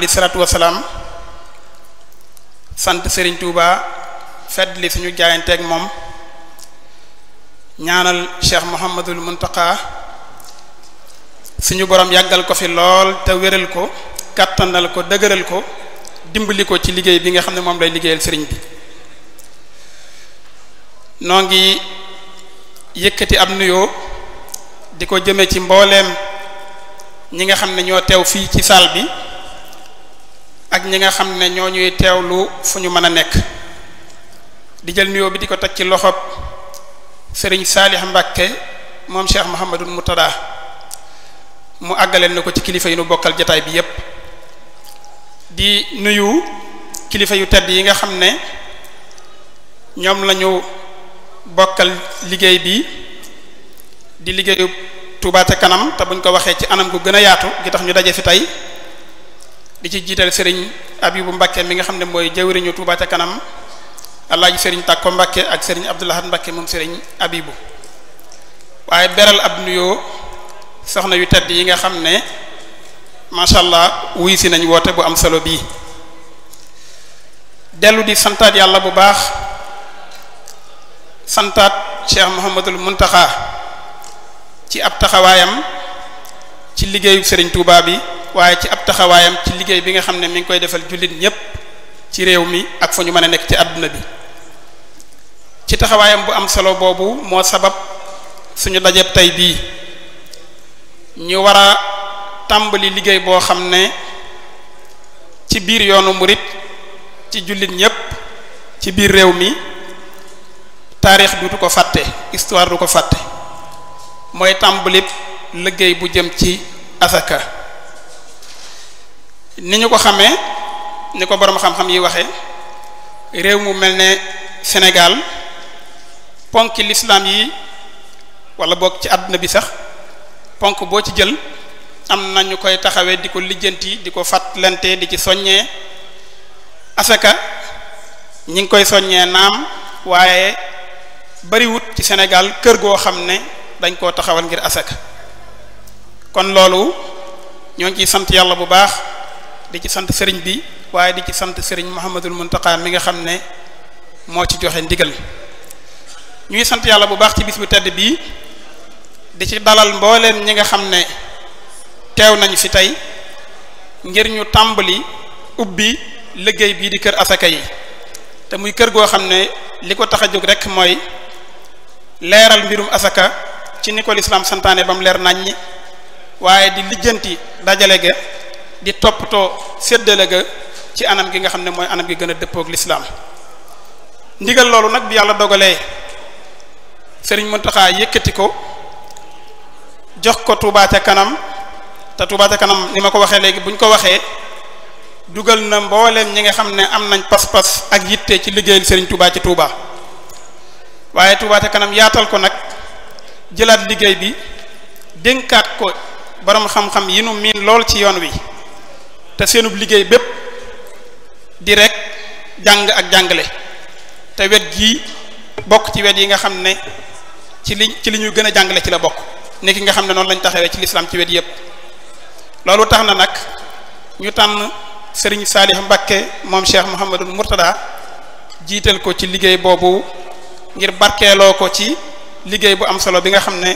alayhi salaatu wasalaam sant sëriñ Touba fedd li suñu jaayanteeg moom ñaanal Cheikh Mouhamadul Muntaqa suñu boroom yàggal ko fi lool te wéral ko kàttanal ko dëgëral ko dimbali ko ci liggéey bi nga xam ne moom lay liggéeyal sëriñ bi noo ngi yëkkati ab nuyoo di ko jëme ci mbooleem ñi nga xam ne ñoo teew fii ci salle bi ak ñi nga xam ne ñoo ñuy teewlu fu ñu mën a nekk di jël nuyoo bi di ko teg ci loxob sëriñ Saalix Mbàkke moom Cheikh Mouhamadul Moutada mu àggaleen na ko ci kilifa yu nu bokkal jataay bi yépp di nuyu kilifa yu tedd yi nga xam ne ñoom lañu bokkal liggéey bi di liggéeyu Touba Kanam te buñ ko waxee ci anam gu gën a yaatu gi tax ñu daje fi tey di ci jiital sëriñ Abibu Mbàkke mi nga xam ne mooy jawriñu Tuuba ca kanam alaaji sëriñ Tàkko Mbàkke ak sëriñ Abdoulahat Mbàkke moom sëriñ Abibu waaye beral ab nuyoo soxna yu tedd yi nga xam ne macha allah wuy si nañ woote bu am solo bii dellu di santaat yàlla bu baax santaat Cheikh Mouhamadul Muntaxa ci ab taxawaayam ci liggéeyu sëriñ Touba bi waaye ci ab taxawaayam ci liggéey bi nga xam ne mi ngi koy defal jullit ñépp ci réew mi ak fu ñu mën a nekk ci àdduna bi ci taxawaayam bu am solo boobu moo sabab suñu dajeb tey bii ñu war a tàmbali liggéey boo xam ne ci biir yoonu murit ci jullit ñépp ci biir réew mi bi du ko fàtte histoire du ko fàtte mooy tàmbali liggéey bu jëm ci asaka ni ñu ko xamee ni ko boroom xam-xam yi waxe réew mu mel ne Sénégal ponki lislaam yi wala bokk ci àdduna bi sax ponk boo ci jël am na ñu koy taxawee di ko lijjanti di ko fàttalante di ci soññee asaka ñi ngi koy soññee naam waaye bariwut ci Sénégal kër goo xam ne dañ koo taxawal ngir asaka kon loolu ñoo ciy sant yàlla bu baax di ci sant sëriñ bi waaye di ci sant sëriñ Mouhamadul Mountakha mi nga xam ne moo ci joxe ndigal ñuy sant yàlla bu baax ci bis bu tedd bii di ci dalal mbooleem ñi nga xam ne teew nañu fi tey ngir ñu tàmbali ubbi liggéey bii di kër asaka yi te muy kër goo xam ne li ko tax a jóg rek mooy leeral mbirum asaka ci ni ko lislaam santaane ba mu leer naññi waaye di lijjanti dajale ga di toppatoo séddale ga ci anam gi nga xam ne mooy anam gi gën a dëppoog lislaam ndigal loolu nag bi yàlla dogalee sëriñ Muntaxa yëkkati ko jox ko Touba ca kanam te Touba ca kanam ni ma ko waxee léegi bu ñu ko waxee dugal na mboolem ñi nga xam ne am nañ pas-pas ak yitte ci liggéeyal sëriñ Touba ci Touba waaye Touba ca kanam yaatal ko nag jëlaat liggéey bi dénkaat ko boroom xam-xam yi nu miin lool ci yoon wi te seenub liggéey bépp di rek jàng ak jàngale te wet gi bokk ci wet yi nga xam ne ci li ci li ñuy gën a jàngale ci la bokk ne ki nga xam ne noonu lañu taxawee ci lislaam ci wet yëpp loolu tax na nag ñu tànn sëriñ Saalih Mbàkke moom Cheikh Mouhamadul Mourtada jiital ko ci liggéey boobu ngir barkeeloo ko ci liggéey bu am solo bi nga xam ne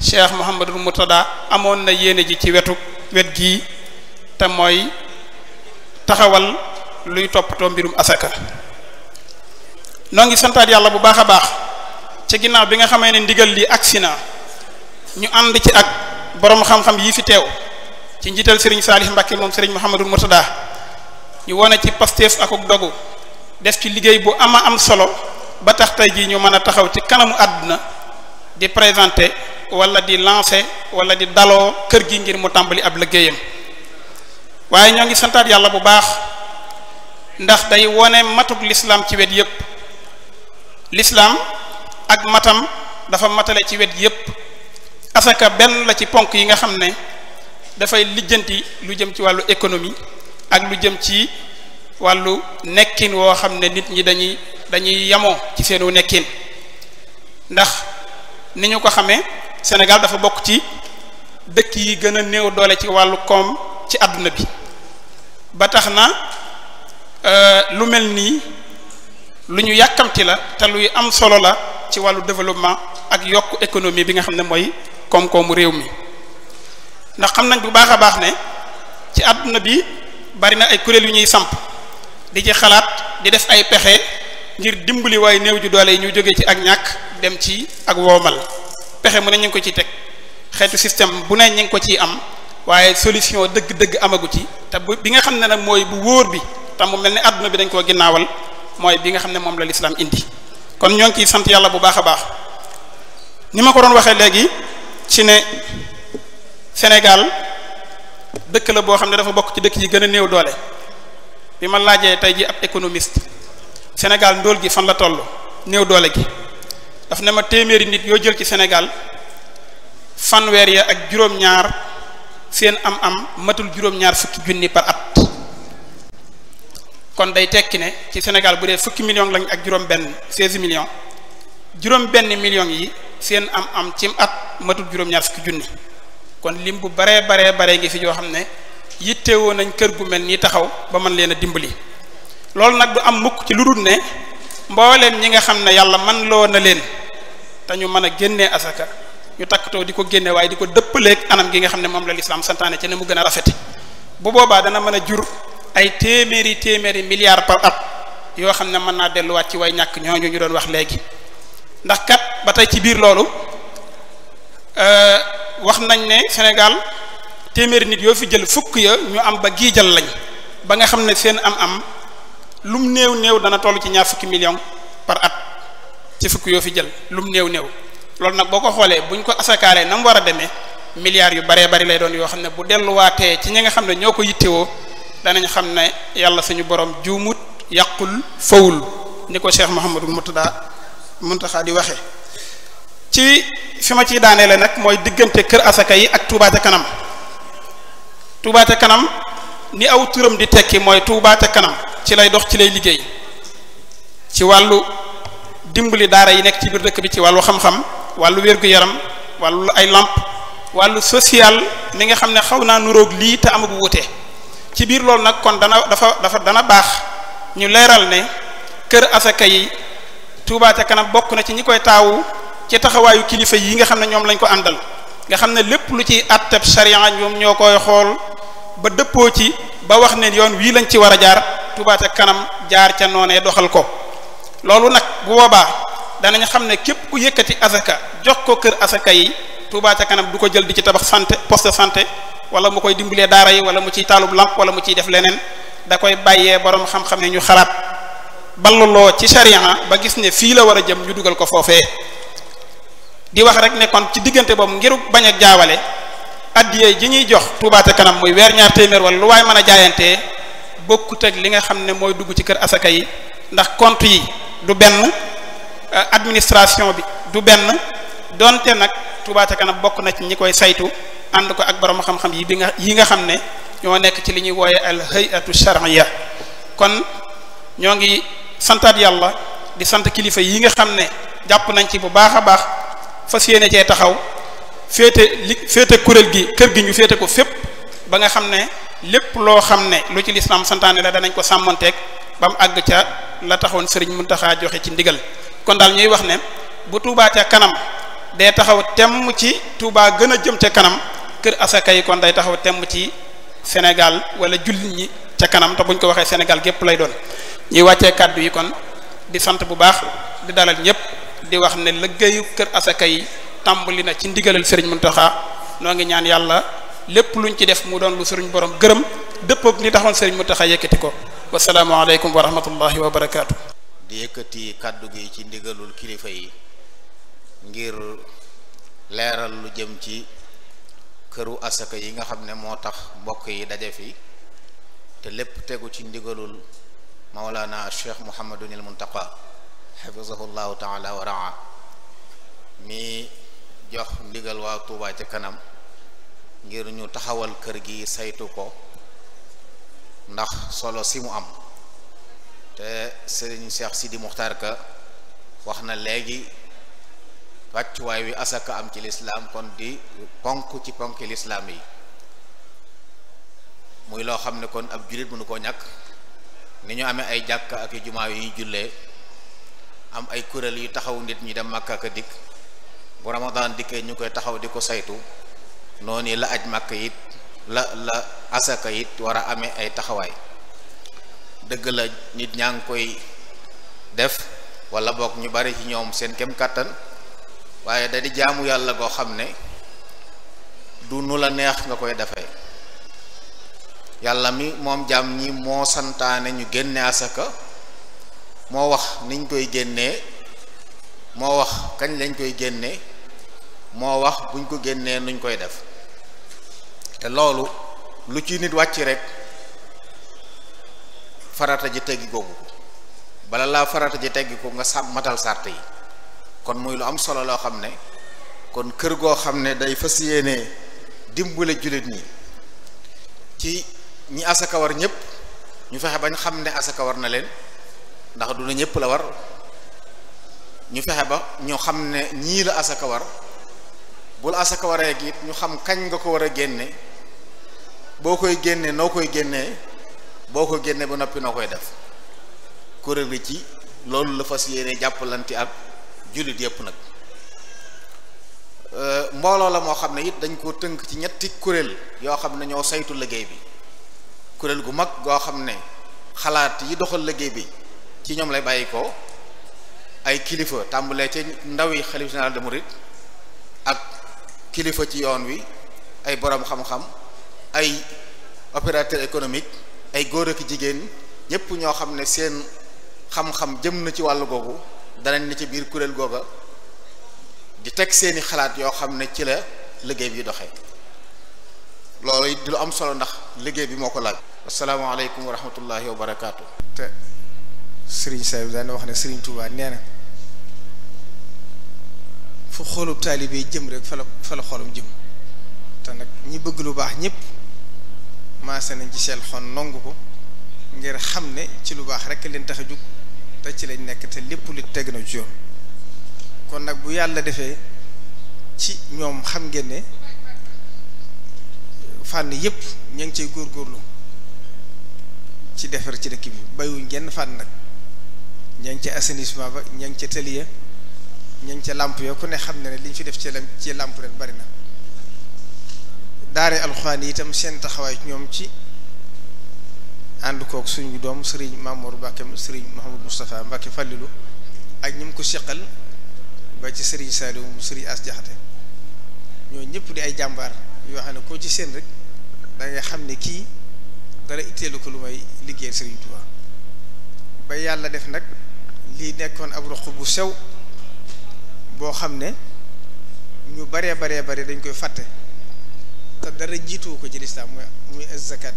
Cheikh Mouhamadul Mourtada amoon na yéene ji ci wetu wet gi te mooy taxawal luy toppatoo mbirum asaka noo ngi santaat yàlla bu baax a baax ci ginnaaw bi nga xamee ne ndigal li agsi na ñu ànd ci ak boroom xam-xam yi fi teew ci njiital sëriñ Saalih Mbàkke moom sëriñ Mouhamadul Mourtada ñu wone ci pasteef akuk dogu def ci liggéey bu ama am solo ba tax tey jii ñu mën a taxaw ci kanamu àdduna di présenté wala di lancer wala di daloo kër gi ngir mu tàmbali ab liggéeyam waaye ñoo ngi santaat yàlla bu baax ndax day wone matuk lislaam ci wet yépp lislaam ak matam dafa matale ci wet yépp asaka benn la ci ponk yi nga xam ne dafay lijjanti lu jëm ci wàllu économie ak lu jëm ci wàllu nekkin woo xam ne nit ñi dañuy dañuy yamoo ci seenu nekkin ndax ni ñu ko xamee senegal dafa bokk ci dëkk yi gën a néew doole ci wàllu koom ci àdduna bi ba tax na euh, lu mel nii lu ñu yàkkamti la te luy am solo la ci wàllu développement ak yokk économie bi nga xam ne mooy koom-koomu réew mi ndax xam nañ bu baax a baax ne ci àdduna bi bari na ay kuréel yu ñuy samp di ci xalaat di def ay pexe ngir dimbali waaye néew ju doole yi ñu jóge ci ak ñàkk dem ci ak woomal pexe mu ne ñu ngi ko ci teg xeetu système bu ne ñu ngi ko ciy am waaye solution dëgg-dëgg amagu ci te bu bi nga xam ne nag mooy bu wóor bi te mu mel ne àdduna bi dañ koo ginnaawal mooy bi nga xam ne moom la lislaam indi kon ñoo ngi ciy sant yàlla bu baax a baax ni ma ko doon waxee léegi ci ne Sénégal dëkk la boo xam ne dafa bokk ci dëkk yi gën a néew doole bi ma laajee tey ji ab économiste Sénégal ndóol gi fan la toll néew doole gi daf ne ma téeméeri nit yoo jël ci Sénégal fanweer ya ak juróom-ñaar. seen am-am matul juróom-ñaar fukki junni par at kon day tekki ne ci Sénégal bu dee fukki million lañ ak juróom-benn seize millions juróom-benn millions yi seen am-am cim at matul juróom-ñaar fukki junni kon lim bu baree baree baree ngi fi yoo xam ne yittewoo nañ kër gu mel ni taxaw ba mën leen a dimbali loolu nag du am mukk ci lu dul ne mbooleem ñi nga xam ne yàlla man loo na leen te ñu mën a génnee asaka. ñu takkatoo di ko génne waaye di ko dëppaleeg anam gi nga xam ne moom la lislaam santaane ca ne mu gën a rafete bu boobaa dana mën a jur ay téeméeri téeméeri milliards par at yoo xam ne mën naa delluwaat ci waay ñàkk ñooñu ñu doon wax léegi ndax kat ba tey ci biir loolu euh, wax nañ ne Sénégal téeméeri nit yoo fi jël fukk ya ñu am ba gii giijal lañ ba nga xam ne seen am-am lum néew néew dana toll ci ñaar fukki million par at ci fukk yoo fi jël lum néew néew loolu nag boo ko xoolee bu buñ ko asakaalee na mu war a demee milliards yu baree bari lay doon yoo xam ne bu delluwaatee ci ñi nga xam ne ñoo ko yittewoo danañ xam ne yàlla suñu borom juumut yàqul fawul ni ko Cheikh Mouhamadou Moutada Mountakha di waxe ci fi ma ciy daaneele nag mooy diggante kër asaka yi ak Touba kanam Touba ca kanam ni aw turam di tekki mooy tuubaate kanam ci lay dox ci lay liggéey ci wàllu dimbali daara yi nekk ci biir dëkk bi ci wàllu xam wàllu wergu yaram wàllu ay lamp wàllu social li nga xam ne xaw naa nuróog lii te amagu wute ci biir loolu nag kon dana dafa dafa dana baax ñu leeral ne kër asaka yi Tuubaa kanam bokk na ci ñi koy taawu ci taxawaayu kilifa yi nga xam ne ñoom lañ ko àndal nga xam ne lépp lu ci àttab sariya ñoom ñoo koy xool ba dëppoo ci ba wax ne yoon wii lañ ci war a jaar Tuubaa kanam jaar ca noonee doxal ko loolu nag bu boobaa danañ xam ne képp ku yëkkati asaka jox ko kër asaka yi Touba ca kanam du ko jël di ci tabax santé poste santé wala mu koy dimbalee daara yi wala mu ciy taalub lamp wala mu ciy def leneen da koy bàyyee borom xam-xam ne ñu xalaat loo ci charia ba gis ne fii la war a jëm ñu dugal ko foofee di wax rek ne kon ci diggante boobu ngiru bañ a jaawale addiye ji ñuy jox Touba ca kanam muy weer ñaar téeméer wala lu waaye mën a jaayantee bokkut ak li nga xam ne mooy dugg ci kër asaka yi ndax compte yi Euh, administration bi du benn donte nag Touba ca kanam bokk na ci ñi koy saytu ànd ko ak borom xam-xam yi bi nga yi nga xam ne ñoo nekk ci li ñuy wooye al hayatu shar'iyya kon ñoo ngi santaat yàlla di sant kilifa yi nga xam ne jàpp nañ ci bu baax a baax fas yéene cee taxaw féete li féete kuréel gi kër gi ñu féete ko fépp ba nga xam ne lépp loo xam ne lu ci lislaam santaane la danañ ko sàmmanteeg ba mu àgg ca la taxoon sëriñ Muntaxa joxe ci ndigal kon daal ñuy wax ne bu Touba ca kanam day taxaw temm ci Touba gën a jëm ca kanam kër asaka yi kon day taxaw temm ci Sénégal wala jullit ñi ca kanam te buñ ko waxee senegal gépp lay doon ñuy wàccee kàddu yi kon di sant bu baax di dalal ñëpp di wax ne liggéeyu kër asaka yi tàmbali na ci ndigalal Serigne Mountakha noo ngi ñaan yàlla lépp ñu ci def mu doon lu suruñ borom gërëm dëpp li taxoon Serigne Mountakha yëkkati ko wasalaamualeykum wa rahmatullahi wa barakaatu. di yëkkati kàddu gi ci ndigalul kilifa yi ngir leeral lu jëm ci këru asaka yi nga xam ne moo tax mbokk yi daje fi te lépp tegu ci ndigalul mawlaana cheikh muhammadunil muntaqa xafizahu llahu taala wa raa mi jox ndigal waa tuubaa ca kanam ngir ñu taxawal kër gi saytu ko ndax solo si mu am te sëriñ Cheikh Sidi Muxtaar ka wax na léegi pàccuwaay wi asaka am ci lislaam kon di ponk ci ponki lislaam yi muy loo xam ne kon ab jullit nu ko ñàkk ni ñu amee ay jàkk ak i jumaa yu jullee am ay kuréel yu taxaw nit ñi dem màkk ak dikk bu ramadan dikkee ñu koy taxaw di ko saytu noonu la aj màkk it la la asaka it war a amee ay taxawaay dëgg la nit ñaa ngi koy def wala bokk ñu bari ci ñoom seen kem kàttan waaye da di jaamu yàlla goo xam ne du nu la neex nga koy defee yàlla mi moom jaam ñi moo santaane ñu génne asaka moo wax niñ koy génnee moo wax kañ lañ koy génnee moo wax buñ ko génnee nuñ koy def te loolu lu ci nit wàcc rek faraata ji teggi googu bala laa farata ji teggi ko nga sàmm matal sart yi kon muy lu am solo loo xam ne kon kër goo xam ne day fas yéenee dimbale jullit ñi ci ñi asaka ñépp ñu fexe bañ xam ne asaka na leen ndax du ñëpp la war ñu fexe ba ñu xam ne ñii la asaka war bul asaka waree ñu xam kañ nga ko war a génne boo koy génnee noo koy génnee boo ko génnee ba noppi noo koy def kuréel gi ci loolu la fas yéene jàppalante ak jullit yépp nag euh, mbooloo la moo xam ne it dañ ko tënk ci ñetti kuréel yoo xam ne ñoo saytu liggéey bi kuréel gu mag goo xam ne xalaat yi doxal liggéey bi ci ñoom lay bàyyi ko ay kilifa tàmbalee ci ndaw yi xalif général de Mouride ak kilifa ci yoon wi ay boroom xam-xam ay opérateur économique ay góor ak jigéen ñépp ñoo xam ne seen xam-xam jëm na ci wàll boobu danañ ne ci biir kuréel googa di teg seeni xalaat yoo xam ne ci la liggéey bi doxee loolu it di lu am solo ndax liggéey bi moo ko laaj. asalaamaaleykum wa rahmatullahi wa barakaatu. te Serigne Saliou daan wax ne Serigne Touba nee na fu xoolub taalibe jëm rek fa la fa la xoolum jëm te nag ñi bëgg lu baax ñépp maase nañ ci seen xol nongu ko ngir xam ne ci lu baax rek leen tax a jug te ci lañ nekk te lépp lu teg na ci yoon kon nag bu yàlla defee ci ñoom xam ngeen ne fànn yépp ña ngi góor góorlu ci defar ci dëkk bi bayuñ genn fànn nag ña ngi ca assainissement ba ña ngi ca tëli ya ña ca làmp ya ku ne xam ne ne liñ fi def ci làmp rek bari na daare alxuraan yi itam seen taxawaay ñoom ci ànd kook suñu doom sëriñ Mamour Mbacke sëriñ Mouhamadou Moustapha Mbacke Fallilou ak ñi mu ko seqal ba ci sëriñ Saliou mu sëriñ As Jaxate ñoo ñëpp di ay jàmbaar yoo xam ne koo ci seen da xam ne kii dara itteelu ko lu may liggéeyal sëriñ Touba ba yàlla def nag lii nekkoon ab roq bu sew boo xam ne ñu baree baree bare dañ koy fàtte te dara jiituwu ko ci lislaam muy muy azzakat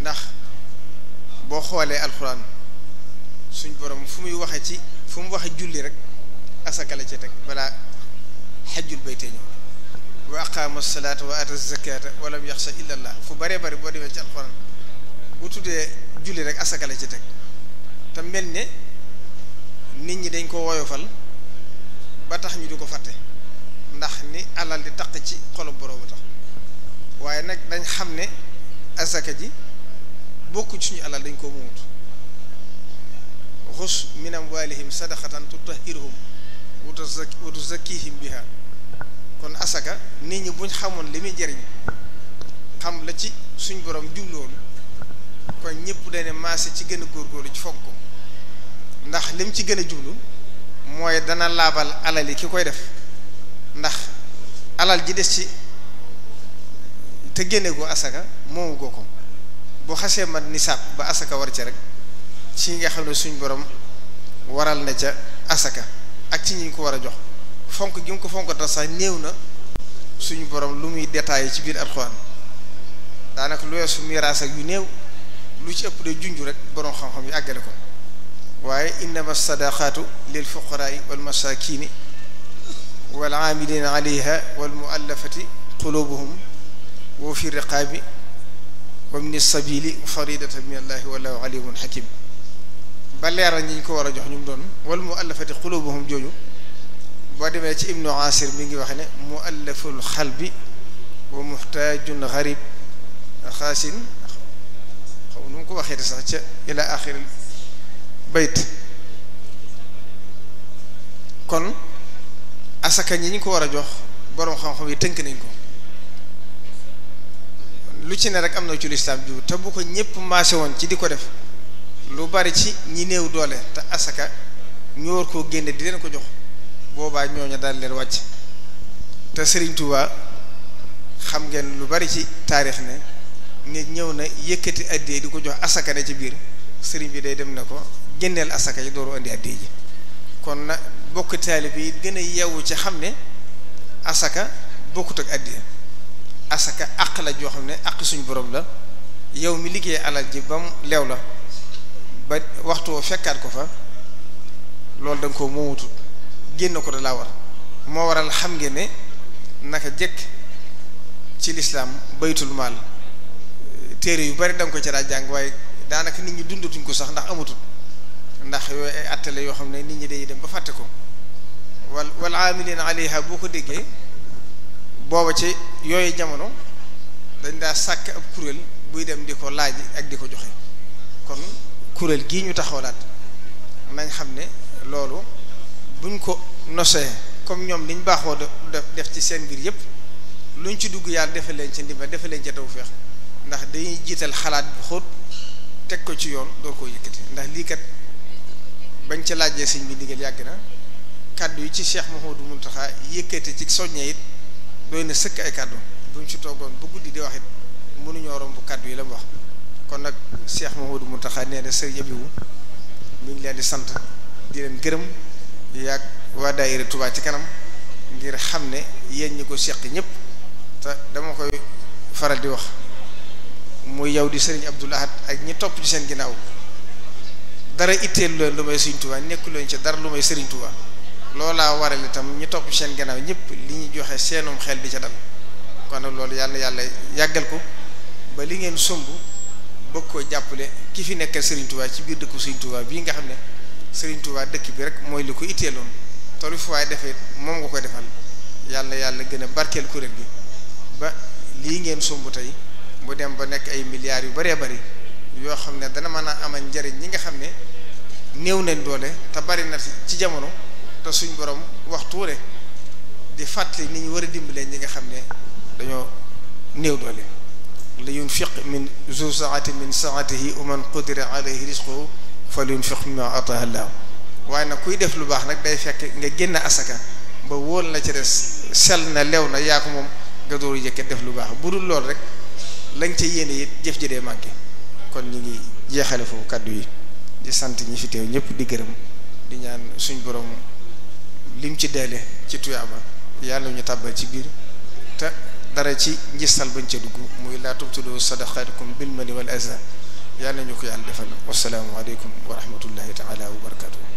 ndax boo xoolee alxuraan suñ boroom fu muy waxe ci fu mu waxe julli rek asaka la ci teg balaa xajjul baytee ñëw wa aqaama salaata wa ata zakata walam yaxsha illa allah fu baree bari boo demee ci alxuraan bu tuddee julli rek asaka la ci teg te mel ni nit ñi dañ ko woyofal ba tax ñu di ko fàtte ndax ni alal di taq ci xolu boroomu tax waaye nag dañ xam ne asaka ji bokku suñu alal dañ koo muut xus min amwalihim sadaqatan tutahhiruhum wa tuzakkihim biha kon asaka nit ñi buñ xamoon li muy jariñ xam la ci suñu boroom jubloon kon ñëpp dañ ne maase ci gën a góorgóorlu ci fonk ko ndax lim ci gën a jublu mooy dana laabal alal yi ki koy def ndax alal ji des ci te génne goo asaka moomu goo ko boo xasee mat nisaab ba asaka war ci rek ci nga xam ne suñ borom waral na ca asaka ak ci ñi ko war a jox fonk gi mu ko fonk tax sax néew na suñu borom lu muy détaillé ci biir alxuraan daanaka lu weesu miraas ak yu néew lu ci ëpp de junju rek borom xam-xam yi àggale ko waaye innama sadaqaatu lil fuqaraai wal masakini wal aamiliina alayha wal muallafati qulubuhum wa fi riqaabi wa min sabili faridatan min allahi wallahu alimun hakim ba leeral ñi ñu ko war a jox ñu mu doon wal muallafati qulubuhum jooju boo demee ci ibnu asir mi ngi wax ne muallaful xalbi wa muxtaajun garib xaasin xaw nu mu ko waxee sax ca ila axiril bayt kon asaka ñi ñu ko war a jox borom xam-xam yi tënk nañ ko lu ci ne rek am na ci lislaam te bu ko ñëpp maase woon ci di ko def lu bari ci ñi néew doole te asaka ñu war koo génne di leen ko jox boobaa ñooñu daal leen wàcc te sëriñ Touba xam ngeen lu bari ci taarix ne. nit ñëw na yëkkati addee di ko jox asaka ne ci biir sëriñ bi day dem ne ko génneel asaka yi dooru andi addee ji kon na bokk taalibe yi gën a yeewu ci xam ne asaka bokkut ak àddiya asaka àq la joo xam ne àq suñu boroom la yow mi liggéey alal ji ba leew la ba waxtu fekkaat ko fa loolu da ko koo génn ko da war moo waral xam ngeen ne naka jëkk ci lislaam baytul maal téere yu bari da ko ca daa jàng waaye daanaka nit ñi dundatuñ ko sax ndax amatul ndax yooyu ay attale yoo xam ne nit ñi day dem ba fàtte ko wal wal aamiliina alayha boo ko déggee booba ci yooyu jamono dañ daa sàkk ab kuréel buy dem di ko laaj ak di ko joxe kon kuréel gii ñu taxawlaat nañ xam ne loolu buñ ko nosee comme ñoom liñ baaxoo def ci seen mbir yépp luñ ci dugg yàlla defal leen ci ndimbal defal leen ci tawfeex ndax dañuy jiital xalaat bu xóot teg ko ci yoon doo koo yëkkati ndax lii kat bañ ca laajee sëñ bi ndigal yàgg na kàddu yi ci Cheikh Mouhamadou taxaa yëkkate ci soññe it doy na sëkk ay kàddu buñ ci toogoon bu guddi di wax it mënuñoo romb kàddu yi la mu wax kon nag Cheikh Mouhamadou Mountakha nee na sëriñ Abibu mi ngi leen di sant di leen gërëm yaag waa daayira Touba ci kanam ngir xam ne yéen ñi ko seq ñëpp dama koy faral di wax muy yow di sëriñ Abdoul Ahad ak ñi topp ci seen ginnaaw dara itteel leen lu may sëriñ Touba nekkuleen ci dara lu may sëriñ Touba. loolaa waral itam ñu topp seen gannaaw ñëpp li ñu joxe seenum xel bi ca dal kon nag loolu yàlla yàlla yàggal ko ba li ngeen sumb bëgg ko jàppale ki fi nekkal Serigne Touba ci biir dëkku Serigne Touba bii nga xam ne Serigne Touba dëkk bi rek mooy li ko iteeloon tolu fu defee moom nga ko defal yàlla yàlla gën a barkeel kuréel gi ba lii ngeen sumb tey bu dem ba nekk ay milliards yu baree bëri yoo xam ne dana mën a amal njariñ ñi nga xam ne néew nañ doole te bari na ci jamono. te suñ borom waxtu ne di fàttali ni ñu war a dimbalee ñi nga xam ne dañoo néew doole li yunfiq min zu saati min saatihi wa man qudira alayhi risquhu fal yunfiq mimma ataahu llah waaye nag kuy def lu baax nag day fekk nga génn asaka ba wóol la ci des sel na lew na yaa ko moom nga dooru jëkke def lu baax bu dul lool rek lañ ca yéene it jëf ji dee manqué kon ñu ngi jeexale foofu kàddu yi di sant ñi fi teew ñëpp di gërëm di ñaan suñ borom lim ci deele ci tuyaaba yàlla ñu tàbbal ci biir te dara ci njistal bañ ca dugg muy laa tubtilu sadaqaatikum bil mani wal aza yàlla ñu ko yàlla defal salaam aleykum wa rahmatullahi taala wa barakatuh